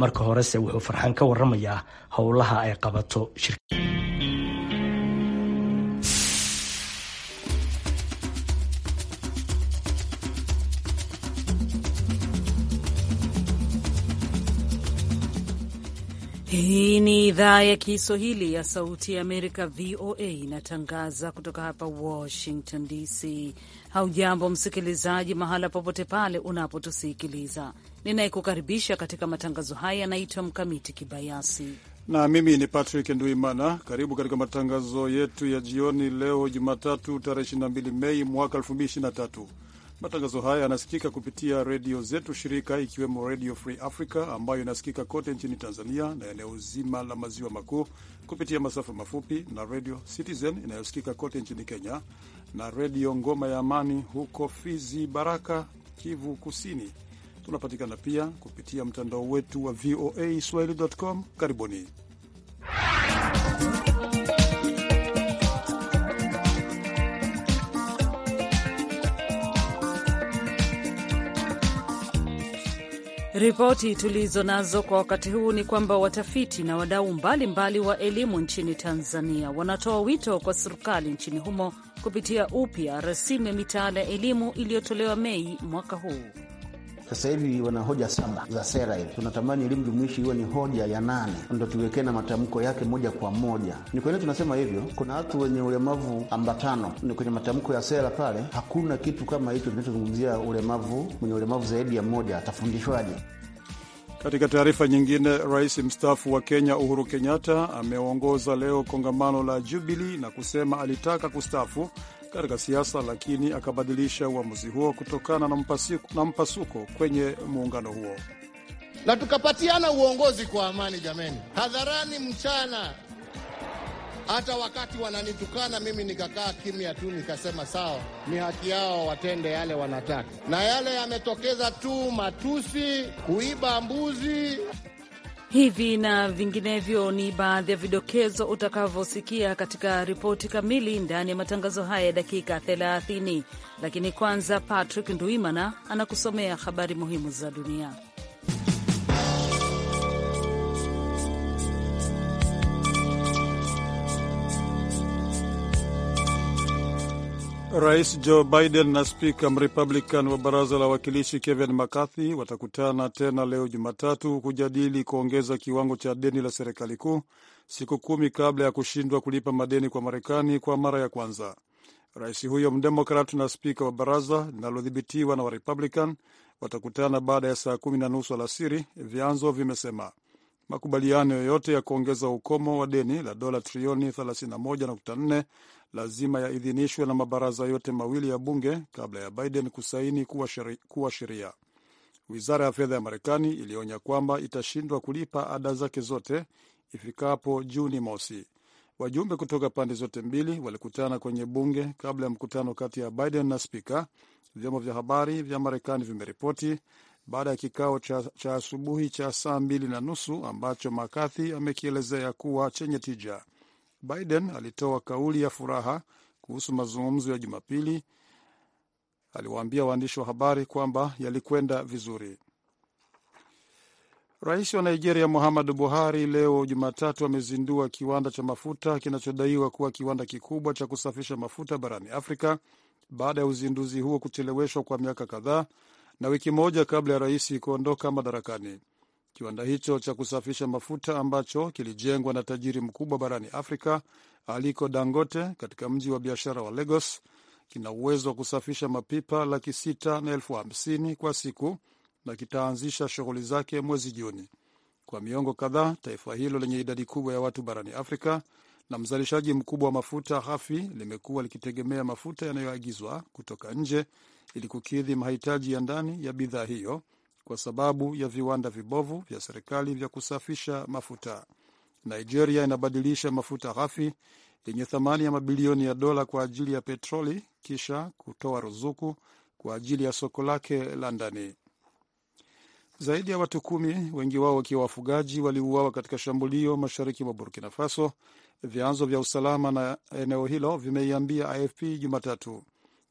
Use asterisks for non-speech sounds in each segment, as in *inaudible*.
marka horese wuxuu farxaan ka waramayaa howlaha ay qabato shirka Hii ni idhaa ya Kiswahili ya Sauti ya Amerika, VOA, inatangaza kutoka hapa Washington DC. Haujambo msikilizaji, mahala popote pale unapotusikiliza. Ninayekukaribisha katika matangazo haya yanaitwa Mkamiti Kibayasi na mimi ni Patrick Nduimana. Karibu katika matangazo yetu ya jioni leo Jumatatu, tarehe 22 Mei mwaka 2023. Matangazo haya yanasikika kupitia redio zetu shirika, ikiwemo Redio Free Africa ambayo inasikika kote nchini Tanzania na eneo zima la maziwa makuu kupitia masafa mafupi na Redio Citizen inayosikika kote nchini Kenya na Redio Ngoma ya Amani huko Fizi, Baraka, Kivu Kusini. Tunapatikana pia kupitia mtandao wetu wa VOA Swahili.com. Karibuni. Ripoti tulizo nazo kwa wakati huu ni kwamba watafiti na wadau mbalimbali wa elimu nchini Tanzania wanatoa wito kwa serikali nchini humo kupitia upya rasimu ya mitaala ya elimu iliyotolewa Mei mwaka huu. Sasa hivi wana hoja saba za sera hivi. Tunatamani elimu jumuishi iwe ni hoja ya nane, ndo tuwekee na matamko yake moja kwa moja. Ni kwa nini tunasema hivyo? Kuna watu wenye ulemavu ambatano, ni kwenye matamko ya sera pale, hakuna kitu kama hicho kinachozungumzia ulemavu. Mwenye ulemavu zaidi ya mmoja atafundishwaje? Katika taarifa nyingine, rais mstaafu wa Kenya Uhuru Kenyatta ameongoza leo kongamano la Jubilee na kusema alitaka kustaafu katika siasa, lakini akabadilisha uamuzi huo kutokana na mpasuko, na mpasuko kwenye muungano huo. Na tukapatiana uongozi kwa amani, jameni, hadharani, mchana hata wakati wananitukana mimi nikakaa kimya tu, nikasema sawa, ni haki yao watende yale wanataka, na yale yametokeza tu matusi, kuiba mbuzi, hivi na vinginevyo ni baadhi ya vidokezo utakavyosikia katika ripoti kamili ndani ya matangazo haya ya dakika 30. Lakini kwanza, Patrick Nduimana anakusomea habari muhimu za dunia. Rais Joe Biden na spika Mrepublican wa baraza la wawakilishi Kevin McCarthy watakutana tena leo Jumatatu kujadili kuongeza kiwango cha deni la serikali kuu, siku kumi kabla ya kushindwa kulipa madeni kwa Marekani kwa mara ya kwanza. Rais huyo mdemokrat na spika wa baraza linalodhibitiwa na Warepublican watakutana baada ya saa kumi na nusu alasiri, vyanzo vimesema. Makubaliano yoyote ya kuongeza ukomo wa deni la dola trilioni 31.4 lazima yaidhinishwe na mabaraza yote mawili ya bunge kabla ya Biden kusaini kuwa sheria. Wizara ya fedha ya Marekani ilionya kwamba itashindwa kulipa ada zake zote ifikapo Juni mosi. Wajumbe kutoka pande zote mbili walikutana kwenye bunge kabla ya mkutano kati ya Biden na spika, vyombo vya habari vya Marekani vimeripoti baada ya kikao cha cha asubuhi cha, saa mbili na nusu ambacho Makathi amekielezea kuwa chenye tija. Biden alitoa kauli ya furaha kuhusu mazungumzo ya Jumapili. Aliwaambia waandishi wa habari kwamba yalikwenda vizuri. Rais wa Nigeria Muhammadu Buhari leo Jumatatu amezindua kiwanda cha mafuta kinachodaiwa kuwa kiwanda kikubwa cha kusafisha mafuta barani Afrika baada ya uzinduzi huo kucheleweshwa kwa miaka kadhaa na wiki moja kabla ya rais kuondoka madarakani. Kiwanda hicho cha kusafisha mafuta ambacho kilijengwa na tajiri mkubwa barani Afrika Aliko Dangote katika mji wa biashara wa Lagos kina uwezo wa kusafisha mapipa laki sita na elfu hamsini kwa siku na kitaanzisha shughuli zake mwezi Juni. Kwa miongo kadhaa, taifa hilo lenye idadi kubwa ya watu barani Afrika na mzalishaji mkubwa wa mafuta hafi limekuwa likitegemea mafuta yanayoagizwa kutoka nje ili kukidhi mahitaji ya ndani ya bidhaa hiyo kwa sababu ya viwanda vibovu vya serikali vya kusafisha mafuta. Nigeria inabadilisha mafuta ghafi yenye thamani ya mabilioni ya dola kwa ajili ya petroli kisha kutoa ruzuku kwa ajili ya soko lake la ndani. Zaidi ya watu kumi, wengi wao wakiwa wafugaji, waliuawa katika shambulio mashariki mwa Burkina Faso, vyanzo vya usalama na eneo hilo vimeiambia AFP Jumatatu.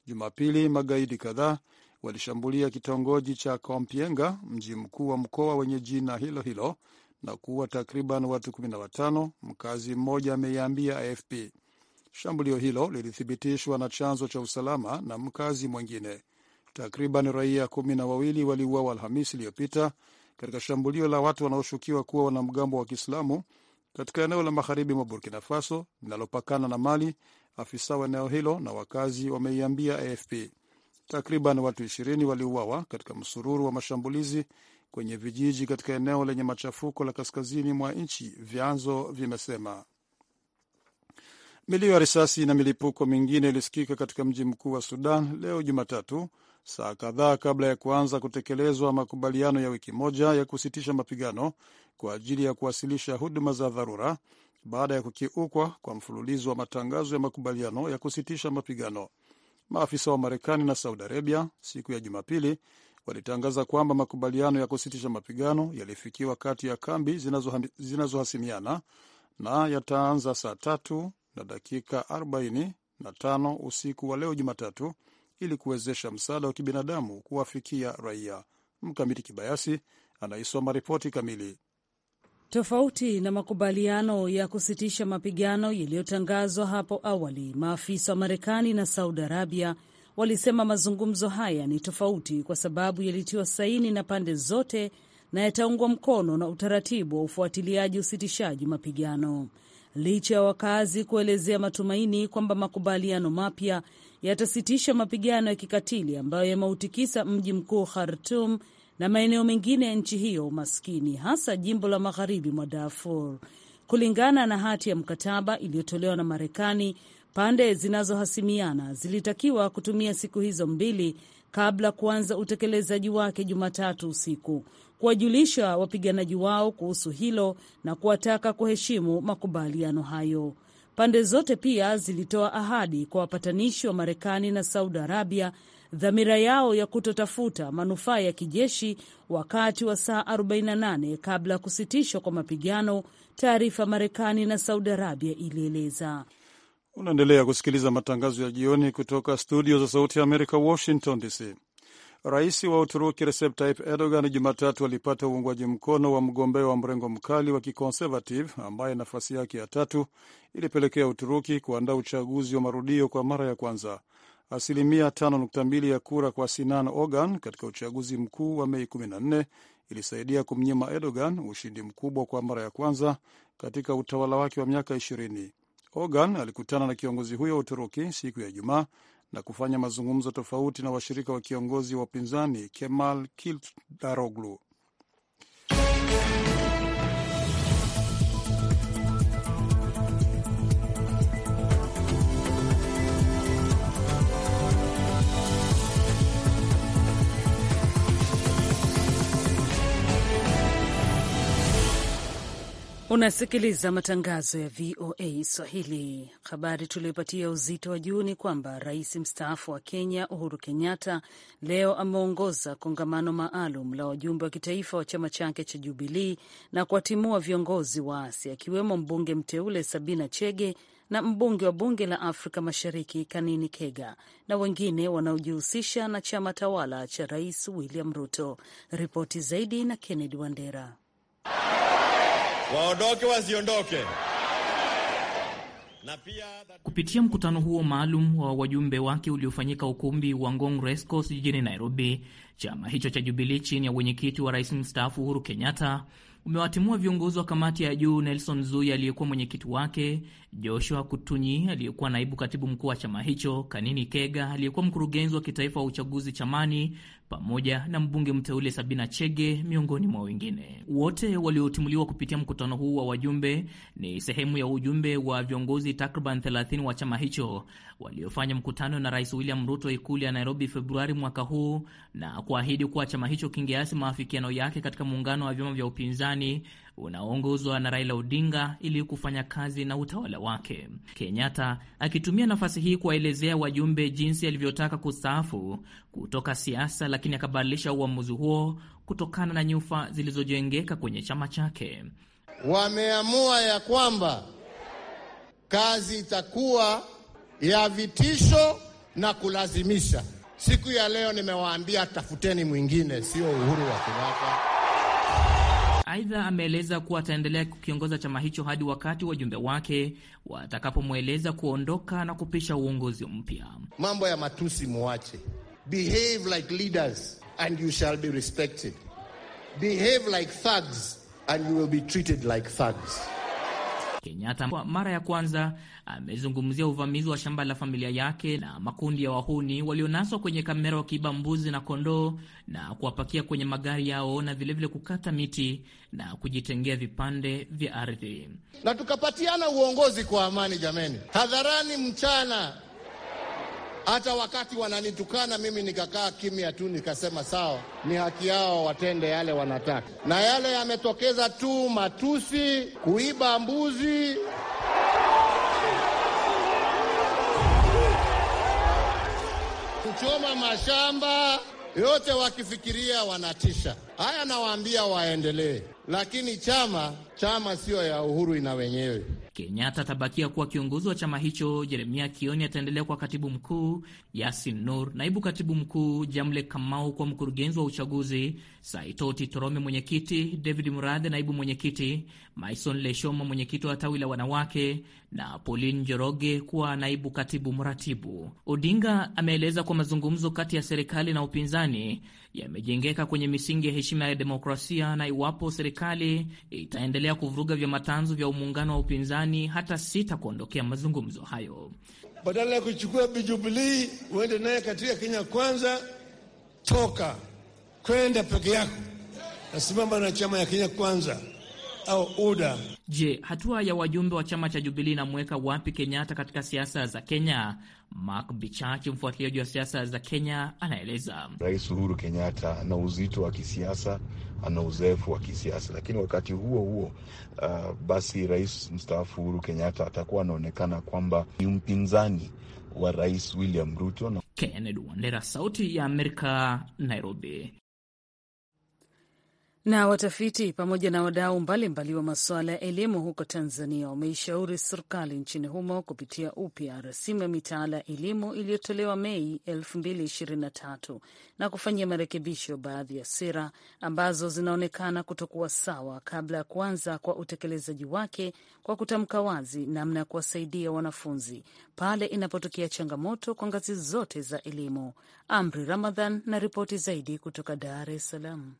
Jumapili magaidi kadhaa walishambulia kitongoji cha Kompienga, mji mkuu wa mkoa wenye jina hilo hilo na kuua takriban watu 15, mkazi mmoja ameiambia AFP. Shambulio hilo lilithibitishwa na chanzo cha usalama na mkazi mwingine. Takriban raia kumi na wawili waliuawa Alhamisi iliyopita katika shambulio la watu wanaoshukiwa kuwa wanamgambo wa Kiislamu katika eneo la magharibi mwa Burkina Faso linalopakana na Mali afisa wa eneo hilo na wakazi wameiambia AFP. Takriban watu ishirini waliuawa katika msururu wa mashambulizi kwenye vijiji katika eneo lenye machafuko la kaskazini mwa nchi, vyanzo vimesema. Milio ya risasi na milipuko mingine ilisikika katika mji mkuu wa Sudan leo Jumatatu, saa kadhaa kabla ya kuanza kutekelezwa makubaliano ya wiki moja ya kusitisha mapigano kwa ajili ya kuwasilisha huduma za dharura baada ya kukiukwa kwa mfululizo wa matangazo ya makubaliano ya kusitisha mapigano. Maafisa wa Marekani na Saudi Arabia siku ya Jumapili walitangaza kwamba makubaliano ya kusitisha mapigano yalifikiwa kati ya kambi zinazohasimiana na yataanza saa tatu na dakika 45 usiku wa leo Jumatatu ili kuwezesha msaada wa kibinadamu kuwafikia raia. Mkamiti Kibayasi anaisoma ripoti kamili. Tofauti na makubaliano ya kusitisha mapigano yaliyotangazwa hapo awali, maafisa wa Marekani na Saudi Arabia walisema mazungumzo haya ni tofauti kwa sababu yalitiwa saini na pande zote na yataungwa mkono na utaratibu wa ufuatiliaji usitishaji mapigano, licha ya wakazi kuelezea matumaini kwamba makubaliano mapya yatasitisha mapigano ya kikatili ambayo yameutikisa mji mkuu Khartum na maeneo mengine ya nchi hiyo maskini, hasa jimbo la magharibi mwa Darfur. Kulingana na hati ya mkataba iliyotolewa na Marekani, pande zinazohasimiana zilitakiwa kutumia siku hizo mbili kabla kuanza utekelezaji wake Jumatatu usiku kuwajulisha wapiganaji wao kuhusu hilo na kuwataka kuheshimu makubaliano hayo. Pande zote pia zilitoa ahadi kwa wapatanishi wa Marekani na Saudi Arabia dhamira yao ya kutotafuta manufaa ya kijeshi wakati wa saa 48 kabla ya kusitishwa kwa mapigano, taarifa Marekani na Saudi Arabia ilieleza. Unaendelea kusikiliza matangazo ya jioni kutoka studio za Sauti ya Amerika, Washington DC. Rais wa Uturuki Recep Tayyip Erdogan Jumatatu alipata uungwaji mkono wa mgombea wa mrengo mkali wa kiconservative ambaye nafasi yake ya tatu ilipelekea Uturuki kuandaa uchaguzi wa marudio kwa mara ya kwanza asilimia 5.2 ya kura kwa Sinan Ogan katika uchaguzi mkuu wa Mei 14 ilisaidia kumnyima Erdogan ushindi mkubwa kwa mara ya kwanza katika utawala wake wa miaka 20. Ogan alikutana na kiongozi huyo wa Uturuki siku ya Ijumaa na kufanya mazungumzo tofauti na washirika wa kiongozi wa upinzani Kemal kildaroglu Unasikiliza matangazo ya VOA Swahili. Habari tuliyopatia uzito wa juu ni kwamba rais mstaafu wa Kenya Uhuru Kenyatta leo ameongoza kongamano maalum la wajumbe wa kitaifa wa chama chake cha Jubilii na kuwatimua viongozi waasi akiwemo mbunge mteule Sabina Chege na mbunge wa bunge la Afrika Mashariki Kanini Kega na wengine wanaojihusisha na chama tawala cha Rais William Ruto. Ripoti zaidi na Kennedy Wandera waondoke wasiondoke. Na pia kupitia mkutano huo maalum wa wajumbe wake uliofanyika ukumbi wa Ngong rescos jijini Nairobi, chama hicho cha jubilii chini ya wenyekiti wa rais mstaafu Uhuru Kenyatta umewatimua viongozi wa kamati ya juu Nelson Zui aliyekuwa mwenyekiti wake, Joshua Kutunyi aliyekuwa naibu katibu mkuu wa chama hicho, Kanini Kega aliyekuwa mkurugenzi wa kitaifa wa uchaguzi chamani, pamoja na mbunge mteule Sabina Chege miongoni mwa wengine. Wote waliotimuliwa kupitia mkutano huu wa wajumbe ni sehemu ya ujumbe wa viongozi takriban 30 wa chama hicho waliofanya mkutano na Rais William Ruto ikulu ya Nairobi Februari mwaka huu na kuahidi kuwa chama hicho kingeasi maafikiano yake katika muungano wa vyama vya upinzani unaoongozwa na Raila Odinga ili kufanya kazi na utawala wake. Kenyatta akitumia nafasi hii kuwaelezea wajumbe jinsi alivyotaka kustaafu kutoka siasa, lakini akabadilisha uamuzi huo kutokana na nyufa zilizojengeka kwenye chama chake. Wameamua ya kwamba kazi itakuwa ya vitisho na kulazimisha. Siku ya leo nimewaambia, tafuteni mwingine, sio Uhuru wa Kenyatta. Aidha, ameeleza kuwa ataendelea kukiongoza chama hicho hadi wakati wajumbe wake watakapomweleza kuondoka na kupisha uongozi mpya. Mambo ya matusi muache. Behave like leaders and you shall be respected. Behave like thugs and you will be treated like thugs. Kenyatta kwa mara ya kwanza amezungumzia uvamizi wa shamba la familia yake na makundi ya wahuni walionaswa kwenye kamera wakiiba mbuzi na kondoo na kuwapakia kwenye magari yao na vilevile kukata miti na kujitengea vipande vya ardhi. Na tukapatiana uongozi kwa amani, jameni, hadharani, mchana hata wakati wananitukana mimi nikakaa kimya tu, nikasema sawa, ni haki yao watende yale wanataka, na yale yametokeza tu matusi, kuiba mbuzi kuchoma mashamba yote, wakifikiria wanatisha. Haya nawaambia waendelee, lakini chama Chama sio ya uhuru ina wenyewe. Kenyatta atabakia kuwa kiongozi wa chama hicho. Jeremia Kioni ataendelea kwa katibu mkuu, Yasin Nur naibu katibu mkuu, Jamle Kamau kwa mkurugenzi wa uchaguzi, Saitoti Torome mwenyekiti, David Muradhe naibu mwenyekiti, Maison Leshoma mwenyekiti wa tawi la wanawake na Pauline Njoroge kuwa naibu katibu mratibu. Odinga ameeleza kuwa mazungumzo kati ya serikali na upinzani yamejengeka kwenye misingi ya heshima ya demokrasia na iwapo serikali itaendelea kuendelea kuvuruga vya matanzo vya muungano wa upinzani hata sita kuondokea mazungumzo hayo. Badala ya kuchukua Bijubilii uende naye katika Kenya Kwanza, toka kwenda peke yako, nasimama na chama ya Kenya Kwanza au UDA. Je, hatua ya wajumbe wa chama cha Jubilii inamweka wapi Kenyatta katika siasa za Kenya? Mark Bichachi, mfuatiliaji wa siasa za Kenya, anaeleza. Rais Uhuru Kenyatta ana uzito wa kisiasa, ana uzoefu wa kisiasa, lakini wakati huo huo, uh, basi rais mstaafu Uhuru Kenyatta atakuwa anaonekana kwamba ni mpinzani wa rais William Ruto. Kennedy Wandera, Sauti ya Amerika, Nairobi. Na watafiti pamoja na wadau mbalimbali wa masuala ya elimu huko Tanzania wameishauri serikali nchini humo kupitia upya rasimu ya mitaala ya elimu iliyotolewa Mei 2023 na kufanyia marekebisho baadhi ya sera ambazo zinaonekana kutokuwa sawa kabla ya kuanza kwa utekelezaji wake, kwa kutamka wazi namna ya kuwasaidia wanafunzi pale inapotokea changamoto kwa ngazi zote za elimu. Amri Ramadhan na ripoti zaidi kutoka Dar es Salaam.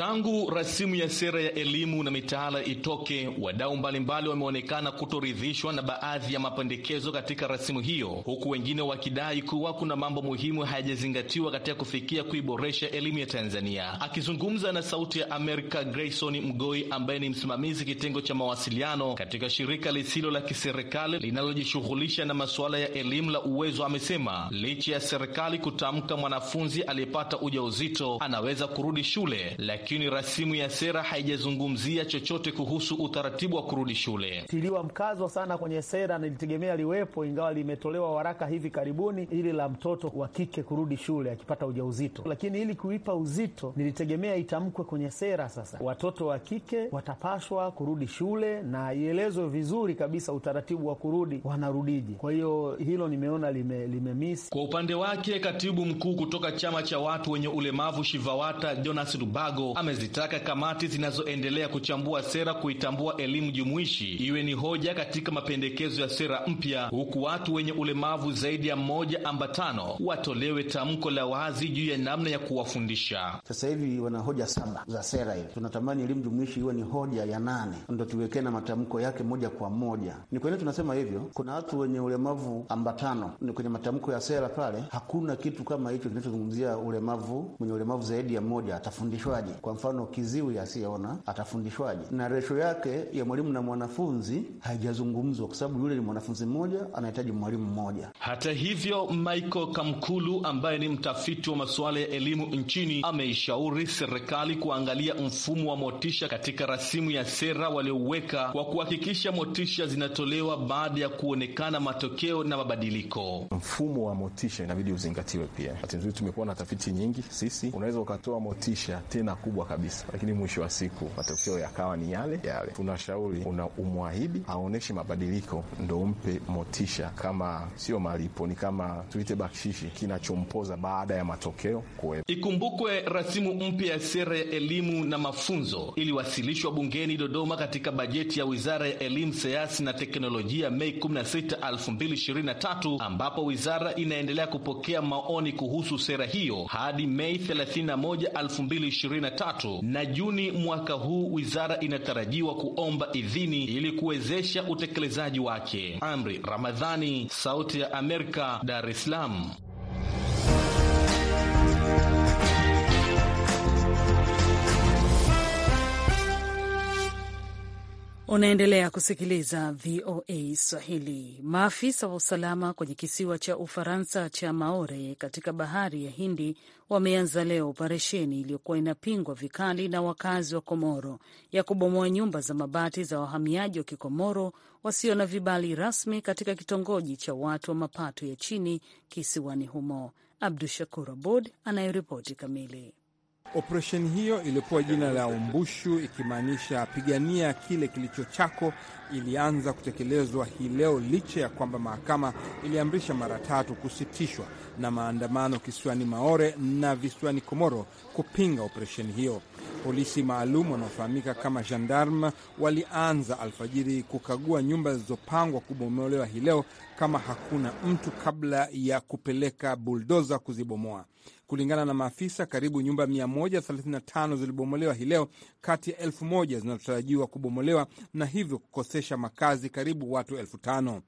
Tangu rasimu ya sera ya elimu na mitaala itoke, wadau mbalimbali wameonekana kutoridhishwa na baadhi ya mapendekezo katika rasimu hiyo, huku wengine wakidai kuwa kuna mambo muhimu hayajazingatiwa katika kufikia kuiboresha elimu ya Tanzania. Akizungumza na Sauti ya Amerika, Grayson Mgoi ambaye ni msimamizi kitengo cha mawasiliano katika shirika lisilo la kiserikali linalojishughulisha na masuala ya elimu la Uwezo, amesema licha ya serikali kutamka mwanafunzi aliyepata ujauzito anaweza kurudi shule, lakini lakini rasimu ya sera haijazungumzia chochote kuhusu utaratibu wa kurudi shule. Tiliwa mkazo sana kwenye sera, nilitegemea liwepo, ingawa limetolewa waraka hivi karibuni, ili la mtoto wa kike kurudi shule akipata ujauzito, lakini ili kuipa uzito nilitegemea itamkwe kwenye sera. Sasa watoto wa kike watapaswa kurudi shule na ielezwe vizuri kabisa utaratibu wa kurudi, wanarudije. Kwa hiyo hilo nimeona limemisi. Lime kwa upande wake, katibu mkuu kutoka chama cha watu wenye ulemavu Shivawata Jonas Lubago amezitaka kamati zinazoendelea kuchambua sera kuitambua elimu jumuishi iwe ni hoja katika mapendekezo ya sera mpya, huku watu wenye ulemavu zaidi ya mmoja ambatano watolewe tamko la wazi juu ya namna ya kuwafundisha. Sasa hivi wana hoja saba za sera hivi, tunatamani elimu jumuishi iwe ni hoja ya nane, ndo tuwekee na matamko yake moja kwa moja. Ni kwa nini tunasema hivyo? Kuna watu wenye ulemavu ambatano, ni kwenye matamko ya sera pale, hakuna kitu kama hicho kinachozungumzia ulemavu. Mwenye ulemavu zaidi ya mmoja atafundishwaje? Kwa mfano, kiziwi asiyeona atafundishwaje? Na resho yake ya mwalimu na mwanafunzi haijazungumzwa, kwa sababu yule ni mwanafunzi mmoja anahitaji mwalimu mmoja. Hata hivyo, Michael Kamkulu ambaye ni mtafiti wa masuala ya elimu nchini ameishauri serikali kuangalia mfumo wa motisha katika rasimu ya sera walioweka kwa kuhakikisha motisha zinatolewa baada ya kuonekana matokeo na mabadiliko. Mfumo wa motisha inabidi uzingatiwe pia. Hati nzuri tumekuwa na tafiti nyingi sisi, unaweza ukatoa motisha tena ku kubwa kabisa, lakini mwisho wa siku matokeo yakawa ni yale yale. Tunashauri una umwahidi aoneshe mabadiliko, ndo umpe motisha, kama sio malipo ni kama tuite bakshishi kinachompoza baada ya matokeo kuwepo. Ikumbukwe rasimu mpya ya sera ya elimu na mafunzo iliwasilishwa bungeni Dodoma katika bajeti ya wizara ya elimu, sayansi na teknolojia Mei 16, 2023 ambapo wizara inaendelea kupokea maoni kuhusu sera hiyo hadi Mei 31, 2023 tatu na Juni mwaka huu, wizara inatarajiwa kuomba idhini ili kuwezesha utekelezaji wake. Amri Ramadhani, Sauti ya Amerika, Dar es Salaam. Unaendelea kusikiliza VOA Swahili. Maafisa wa usalama kwenye kisiwa cha Ufaransa cha Maore katika bahari ya Hindi wameanza leo operesheni iliyokuwa inapingwa vikali na wakazi wa Komoro ya kubomoa nyumba za mabati za wahamiaji wa Kikomoro wasio na vibali rasmi katika kitongoji cha watu wa mapato ya chini kisiwani humo. Abdu Shakur Abud anayeripoti kamili. Operesheni hiyo iliyopewa jina la Umbushu, ikimaanisha pigania kile kilicho chako, ilianza kutekelezwa hii leo licha ya kwamba mahakama iliamrisha mara tatu kusitishwa na maandamano kisiwani Maore na visiwani Komoro kupinga operesheni hiyo. Polisi maalum wanaofahamika kama gendarme walianza alfajiri kukagua nyumba zilizopangwa kubomolewa hii leo kama hakuna mtu, kabla ya kupeleka buldoza kuzibomoa. Kulingana na maafisa, karibu nyumba 135 zilibomolewa hii leo kati ya elfu moja zinazotarajiwa kubomolewa na hivyo kukosesha makazi karibu watu elfu tano.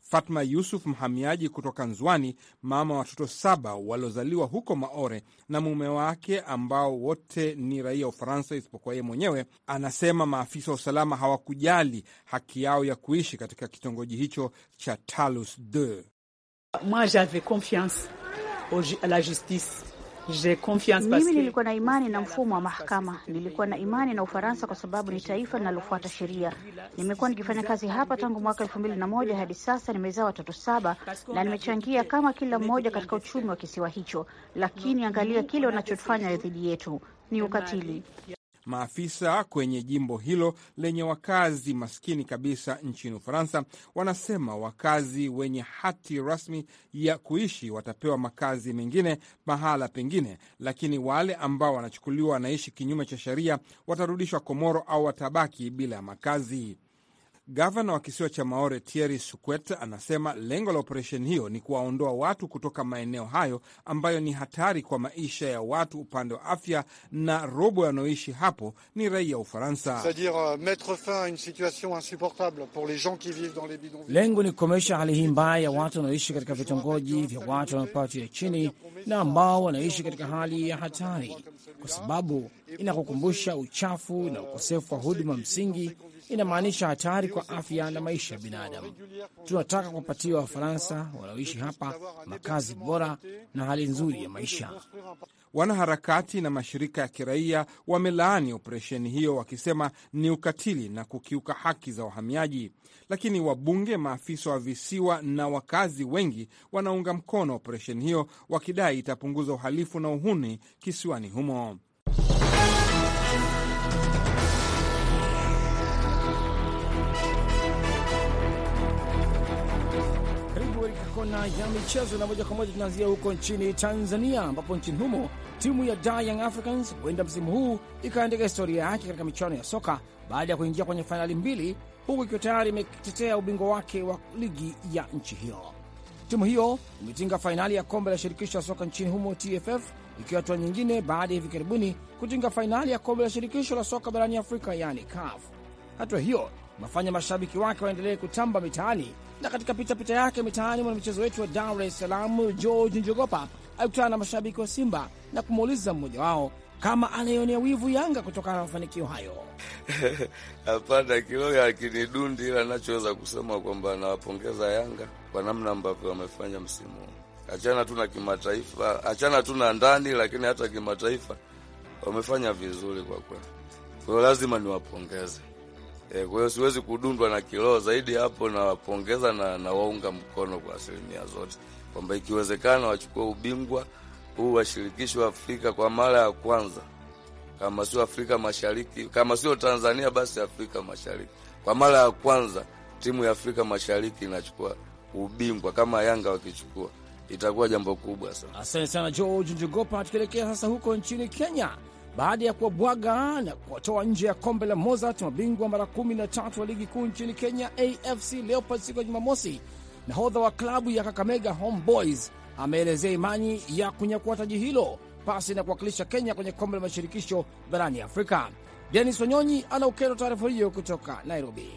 Fatma Yusuf, mhamiaji kutoka Nzwani, mama watoto saba waliozaliwa huko Maore na mume wake ambao wote ni raia wa Ufaransa isipokuwa yeye mwenyewe, anasema maafisa wa usalama hawakujali haki yao ya kuishi katika kitongoji hicho cha Talus la Mimi nilikuwa na imani na mfumo wa mahakama, nilikuwa na imani na Ufaransa kwa sababu ni taifa linalofuata sheria. Nimekuwa nikifanya kazi hapa tangu mwaka elfu mbili na moja hadi sasa. Nimezaa watoto saba na nimechangia kama kila mmoja katika uchumi wa kisiwa hicho, lakini angalia kile wanachofanya dhidi yetu, ni ukatili. Maafisa kwenye jimbo hilo lenye wakazi maskini kabisa nchini Ufaransa wanasema wakazi wenye hati rasmi ya kuishi watapewa makazi mengine mahala pengine, lakini wale ambao wanachukuliwa wanaishi kinyume cha sheria watarudishwa Komoro au watabaki bila ya makazi. Gavana wa kisiwa cha Maore Thierry Suquet anasema lengo la operesheni hiyo ni kuwaondoa watu kutoka maeneo hayo ambayo ni hatari kwa maisha ya watu upande wa afya, na robo wanaoishi hapo ni raia wa Ufaransa. Euh, lengo ni kukomesha hali hii mbaya ya watu wanaoishi katika vitongoji vya watu wa mapato ya chini na ambao wanaishi katika hali ya hatari, kwa sababu inakukumbusha uchafu na ukosefu wa huduma msingi inamaanisha hatari kwa afya na maisha ya binadamu. Tunataka kuwapatia Wafaransa wanaoishi hapa makazi bora na hali nzuri ya maisha. Wanaharakati na mashirika ya kiraia wamelaani operesheni hiyo, wakisema ni ukatili na kukiuka haki za wahamiaji. Lakini wabunge, maafisa wa visiwa na wakazi wengi wanaunga mkono operesheni hiyo, wakidai itapunguza uhalifu na uhuni kisiwani humo. kona ya michezo, na moja kwa moja tunaanzia huko nchini Tanzania, ambapo nchini humo timu ya Da Young Africans huenda msimu huu ikaandika historia yake katika michuano ya soka baada ya kuingia kwenye fainali mbili, huku ikiwa tayari imetetea ubingwa wake wa ligi ya nchi hiyo. Timu hiyo imetinga fainali ya kombe la shirikisho la soka nchini humo TFF, ikiwa hatua nyingine baada ya hivi karibuni kutinga fainali ya kombe la shirikisho la soka barani Afrika, yani CAF. Hatua hiyo imefanya mashabiki wake waendelee kutamba mitaani na katika pitapita yake mitaani, mwanamichezo wetu wa Dar es Salaam George Njogopa alikutana na mashabiki wa Simba na kumuuliza mmoja wao kama anayeonea wivu Yanga kutokana na mafanikio hayo. *laughs* Hapana, akini dundi, ila nachoweza kusema kwamba anawapongeza Yanga kwa namna ambavyo wamefanya msimu huu. Achana tu na kimataifa, achana tu na ndani, lakini hata kimataifa wamefanya vizuri kwa kweli. Kwa hiyo lazima niwapongeze. E, kwa hiyo siwezi kudundwa na kiroho zaidi hapo. Nawapongeza na nawaunga na mkono kwa asilimia zote kwamba ikiwezekana wachukue ubingwa huu washirikisho wa Afrika kwa mara ya kwanza, kama sio Afrika Mashariki, kama sio Tanzania basi Afrika Mashariki. Kwa mara ya kwanza timu ya Afrika Mashariki inachukua ubingwa. Kama Yanga wakichukua itakuwa jambo kubwa sana. Asante sana George Njogopa. Tukielekea sasa huko nchini Kenya baada ya kuwabwaga na kuwatoa nje ya kombe la Mozart, mabingwa mara kumi na tatu wa ligi kuu nchini Kenya, AFC Leopards, siku ya Jumamosi, nahodha wa klabu ya Kakamega Homeboys ameelezea imani ya kunyakua taji hilo pasi na kuwakilisha Kenya kwenye kombe la mashirikisho barani Afrika. Denis Wanyonyi anaukero taarifa hiyo kutoka Nairobi.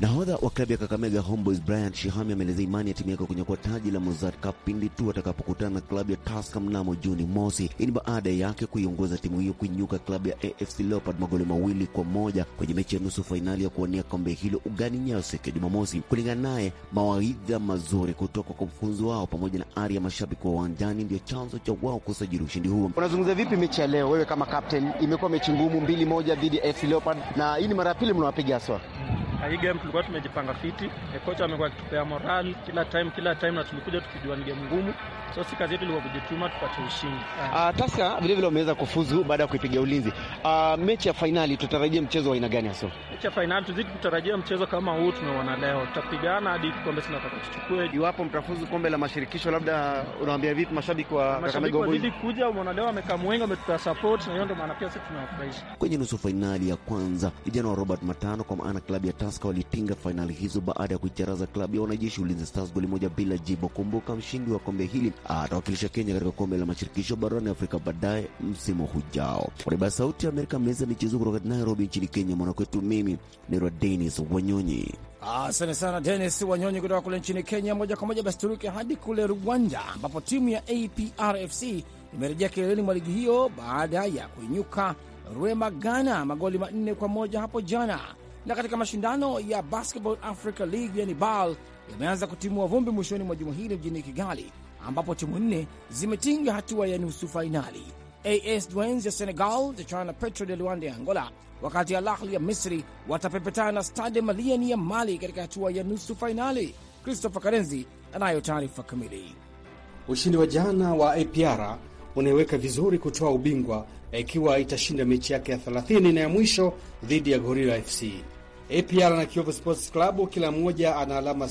Nahodha wa klabu ya Kakamega Homeboys Brian Shihami ameelezea imani ya timu yake kunyakua taji la Mozart Cup pindi tu atakapokutana na klabu ya Tusker mnamo Juni mosi. Hii ni baada yake kuiongoza timu hiyo kuinyuka klabu ya AFC Leopard magoli mawili kwa moja kwenye mechi ya nusu fainali ya kuwania kombe hilo ugani Nyayo siku ya Jumamosi. Kulingana naye, mawaidha mazuri kutoka kwa mfunzi wao pamoja na ari ya mashabiki wa uwanjani ndio chanzo cha wao kusajili ushindi huo. Unazungumza vipi mechi ya leo, wewe kama captain? Imekuwa mechi ngumu, mbili moja dhidi ya AFC Leopard, na hii ni mara ya pili mnawapiga haswa na hii game tulikuwa tumejipanga fiti. Kocha amekuwa akitupea moral kila time kila time, na tulikuja tukijua ni game ngumu so sika zetu ilikuwa kujituma tupate ushindi. Ah, Tusker vile vile wameweza kufuzu baada ya kuipiga Ulinzi. Uh, mechi ya finali tutarajia mchezo wa aina gani hasa? Mechi ya finali tuzidi kutarajia mchezo kama huu tumeona leo. Tutapigana hadi kombe tunataka tuchukue. Iwapo mtafuzu kombe la mashirikisho, labda unawaambia vipi mashabiki wa Kakamega Boys? Mashabiki kuja, umeona leo wamekaa wengi, wametupa support na hiyo ndio maana pia sisi tunawafurahisha. Kwenye nusu finali ya kwanza, vijana wa Robert Matano kwa maana klabu ya Tusker walipinga finali hizo baada ya kuicharaza klabu ya wanajeshi Ulinzi Stars goli moja bila jibu. Kumbuka mshindi wa kombe hili atawakilisha ah, Kenya katika kombe la mashirikisho barani Afrika baadaye msimu hujao. Kwa ya Sauti ya Amerika, meza michezo kutoka Nairobi nchini Kenya, mwanakwetu mimi naitwa Denis Wanyonyi. Asante sana Denis Wanyonyi kutoka kule nchini Kenya. Moja kwa moja basi turuke hadi kule Rwanda, ambapo timu ya APRFC imerejea kileleni mwa ligi hiyo baada ya kuinyuka Ghana magoli manne kwa moja hapo jana. Na katika mashindano ya Basketball Africa League yani BAL yameanza kutimua vumbi mwishoni mwa juma hili mjini Kigali, ambapo timu nne zimetinga hatua ya nusu fainali. AS Douanes ya Senegal tachana na Petro de Luanda ya Angola, wakati Al Ahly ya Misri watapepetana na Stade Malien ya Mali katika hatua ya nusu fainali. Christopher Karenzi anayo taarifa kamili. Ushindi wa jana wa APR unaiweka vizuri kutoa ubingwa ikiwa itashinda mechi yake ya 30 na ya mwisho dhidi ya Gorilla FC. APR na Kiyovu Sports Club kila mmoja ana alama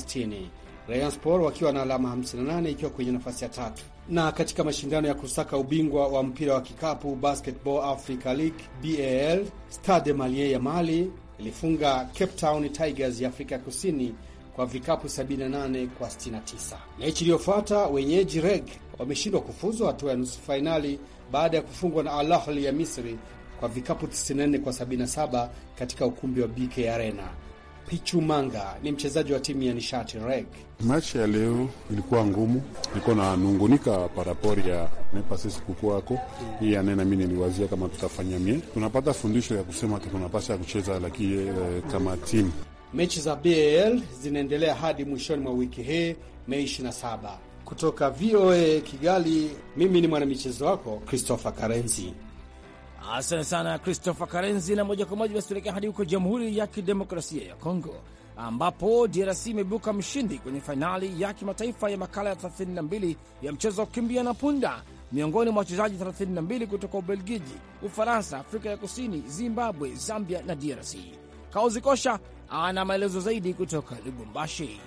Rayon Sport wakiwa na alama 58 ikiwa kwenye nafasi ya tatu. Na katika mashindano ya kusaka ubingwa wa mpira wa kikapu Basketball Africa League BAL, Stade Malien ya Mali ilifunga Cape Town Tigers ya Afrika Kusini kwa vikapu 78 kwa 69. Mechi iliyofuata wenyeji Reg wameshindwa kufuzu hatua ya nusu fainali baada ya kufungwa na Al Ahly ya Misri kwa vikapu 94 kwa 77 katika ukumbi wa BK Arena. Pichumanga ni mchezaji wa timu ya Nishati Reg. Mechi ya leo ilikuwa ngumu, na nanungunika parapori ya nepase sikukuu yako hii ya anena Mi niliwazia kama tutafanya mie, tunapata fundisho ya kusema tunapasa ya kucheza lakini eh, kama timu. Mechi za BAL zinaendelea hadi mwishoni mwa wiki hii Mei 27. Kutoka VOA Kigali, mimi ni mwanamichezo wako Christopher Karenzi. Asante sana Christopher Karenzi. Na moja kwa moja basi tuelekea hadi huko Jamhuri ya Kidemokrasia ya Kongo, ambapo DRC imebuka mshindi kwenye fainali ya kimataifa ya makala ya 32 ya mchezo wa kukimbia na punda miongoni mwa wachezaji 32 kutoka Ubelgiji, Ufaransa, Afrika ya Kusini, Zimbabwe, Zambia na DRC. kaozi Kosha ana maelezo zaidi kutoka Lubumbashi.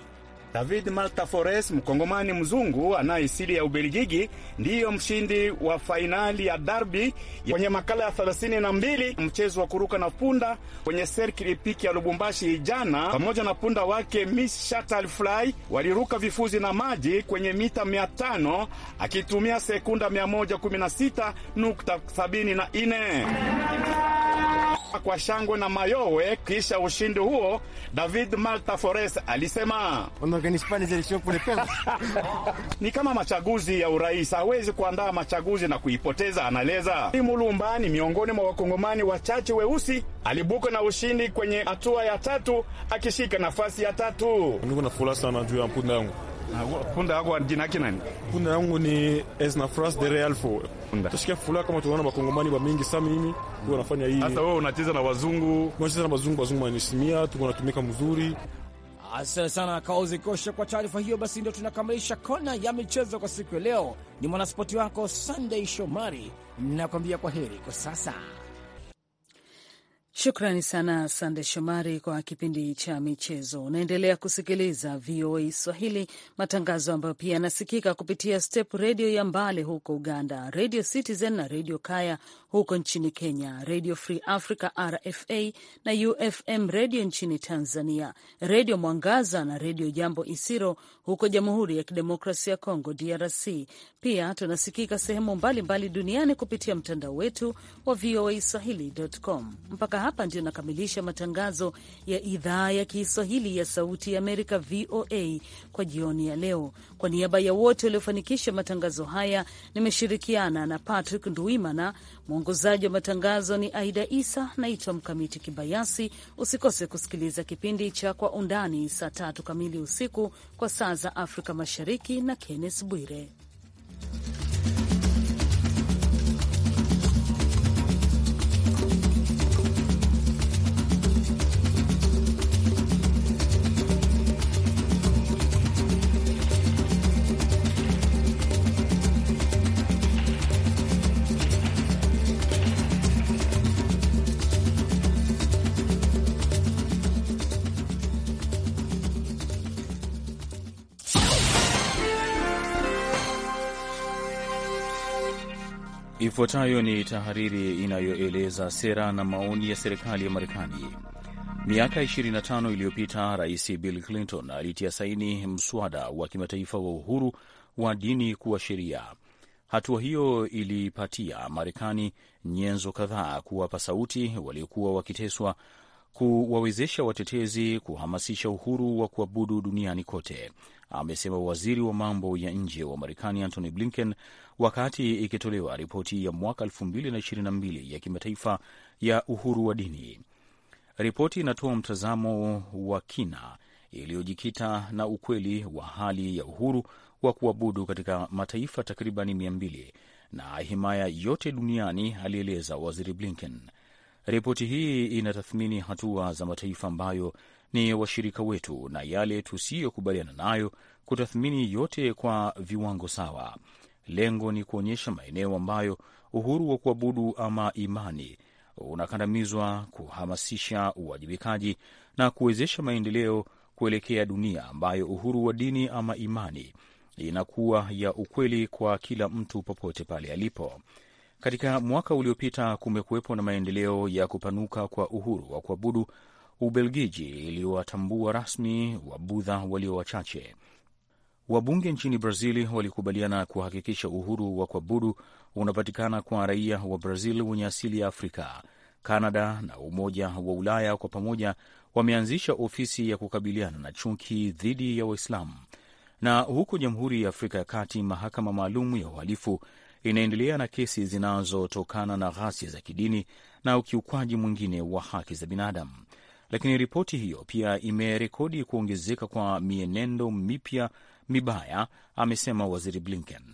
David Malta Forest, mkongomani mzungu anayeisili ya Ubelgiji, ndiyo mshindi wa fainali ya darbi kwenye makala ya 32 mchezo wa kuruka na punda kwenye Serkili Piki ya Lubumbashi jana. Pamoja na punda wake Miss Shuttlefly waliruka vifuzi na maji kwenye mita 500 akitumia sekunda 116.74 kwa shangwe na mayowe. Kisha ushindi huo, David Malta Forest alisema *laughs* *laughs* ni kama machaguzi ya urais, hawezi kuandaa machaguzi na kuipoteza. Anaeleza Mulumba ni miongoni mwa wakongomani wachache weusi alibuka na ushindi kwenye hatua ya tatu, akishika nafasi ya tatu. Niko na furaha sana juu ya mpunda yangu Punda yako jina yake nani? Punda yangu ni Esnafras de Real Fo. Tushikia fula kama tunaona makongomani ba mingi sana mimi. Tuko nafanya hii. Sasa wewe unacheza na wazungu. Unacheza na wazungu, wazungu wanisimia, tuko natumika mzuri. Asante sana Kaozi Kosha kwa taarifa hiyo. Basi ndio tunakamilisha kona ya michezo kwa siku ya leo. Ni mwanaspoti wako Sunday Shomari, nakwambia kwa heri kwa sasa. Shukrani sana Sande Shomari kwa kipindi cha michezo. Unaendelea kusikiliza VOA Swahili, matangazo ambayo pia yanasikika kupitia Step redio ya Mbale huko Uganda, redio Citizen na redio Kaya huko nchini Kenya, Radio Free Africa RFA na UFM Radio nchini Tanzania, Redio Mwangaza na Redio Jambo Isiro huko Jamhuri ya Kidemokrasia ya Kongo DRC. Pia tunasikika sehemu mbalimbali mbali duniani kupitia mtandao wetu wa VOA Swahili.com. Mpaka hapa ndio nakamilisha matangazo ya idhaa ya Kiswahili ya Sauti ya Amerika, VOA, kwa jioni ya leo. Kwa niaba ya wote waliofanikisha matangazo haya, nimeshirikiana na Patrick Nduimana Mwongozaji wa matangazo ni Aida Isa. Naitwa Mkamiti Kibayasi. Usikose kusikiliza kipindi cha Kwa Undani saa tatu kamili usiku kwa saa za Afrika Mashariki na kennes Bwire. Ifuatayo ni tahariri inayoeleza sera na maoni ya serikali ya Marekani. Miaka 25 iliyopita, Rais Bill Clinton alitia saini mswada wa kimataifa wa uhuru wa dini kuwa sheria. Hatua hiyo ilipatia Marekani nyenzo kadhaa kuwapa sauti waliokuwa wakiteswa, kuwawezesha watetezi, kuhamasisha uhuru wa kuabudu duniani kote amesema waziri wa mambo ya nje wa Marekani Antony Blinken wakati ikitolewa ripoti ya mwaka 2022 ya kimataifa ya uhuru wa dini. Ripoti inatoa mtazamo wa kina iliyojikita na ukweli wa hali ya uhuru wa kuabudu katika mataifa takribani 200 na himaya yote duniani, alieleza waziri Blinken. Ripoti hii inatathmini hatua za mataifa ambayo ni washirika wetu, na yale tusiyokubaliana nayo kutathmini yote kwa viwango sawa. Lengo ni kuonyesha maeneo ambayo uhuru wa kuabudu ama imani unakandamizwa, kuhamasisha uwajibikaji na kuwezesha maendeleo kuelekea dunia ambayo uhuru wa dini ama imani inakuwa ya ukweli kwa kila mtu popote pale alipo. Katika mwaka uliopita kumekuwepo na maendeleo ya kupanuka kwa uhuru wa kuabudu Ubelgiji iliwatambua rasmi Wabudha walio wachache. Wabunge nchini Brazil walikubaliana kuhakikisha uhuru wa kuabudu unapatikana kwa raia wa Brazil wenye asili ya Afrika. Kanada na Umoja wa Ulaya kwa pamoja wameanzisha ofisi ya kukabiliana na chuki dhidi ya Waislamu. Na huku Jamhuri ya Afrika ya Kati, mahakama maalum ya uhalifu inaendelea na kesi zinazotokana na ghasia za kidini na ukiukwaji mwingine wa haki za binadamu lakini ripoti hiyo pia imerekodi kuongezeka kwa mienendo mipya mibaya, amesema Waziri Blinken.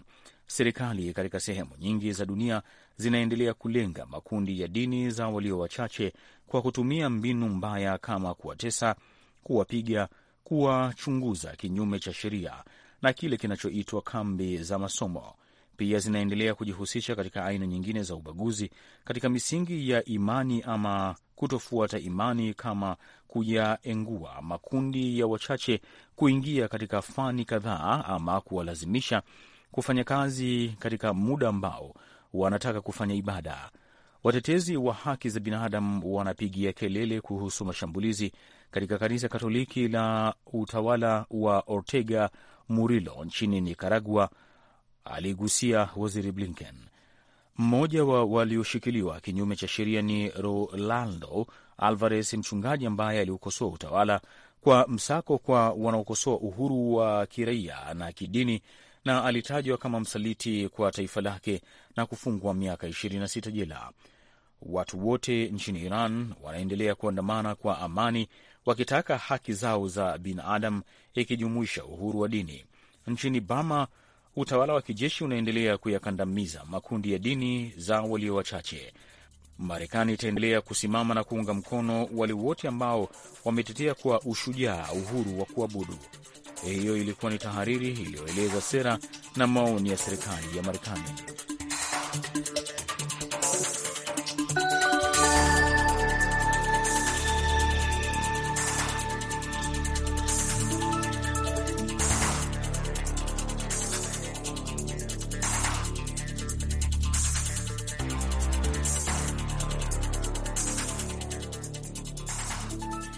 Serikali katika sehemu nyingi za dunia zinaendelea kulenga makundi ya dini za walio wachache kwa kutumia mbinu mbaya kama kuwatesa, kuwapiga, kuwachunguza kinyume cha sheria na kile kinachoitwa kambi za masomo pia zinaendelea kujihusisha katika aina nyingine za ubaguzi katika misingi ya imani ama kutofuata imani, kama kuyaengua makundi ya wachache kuingia katika fani kadhaa ama kuwalazimisha kufanya kazi katika muda ambao wanataka kufanya ibada. Watetezi wa haki za binadamu wanapigia kelele kuhusu mashambulizi katika kanisa Katoliki la utawala wa Ortega Murillo nchini Nicaragua aligusia waziri Blinken. Mmoja wa walioshikiliwa kinyume cha sheria ni Rolando Alvarez, mchungaji ambaye aliukosoa utawala kwa msako kwa wanaokosoa uhuru wa kiraia na kidini, na alitajwa kama msaliti kwa taifa lake na kufungwa miaka 26 jela. Watu wote nchini Iran wanaendelea kuandamana kwa amani wakitaka haki zao za binadamu, ikijumuisha uhuru wa dini. Nchini Bama, Utawala wa kijeshi unaendelea kuyakandamiza makundi ya dini za walio wachache. Marekani itaendelea kusimama na kuunga mkono wale wote ambao wametetea kwa ushujaa uhuru wa kuabudu. Eh, hiyo ilikuwa ni tahariri iliyoeleza sera na maoni ya serikali ya Marekani.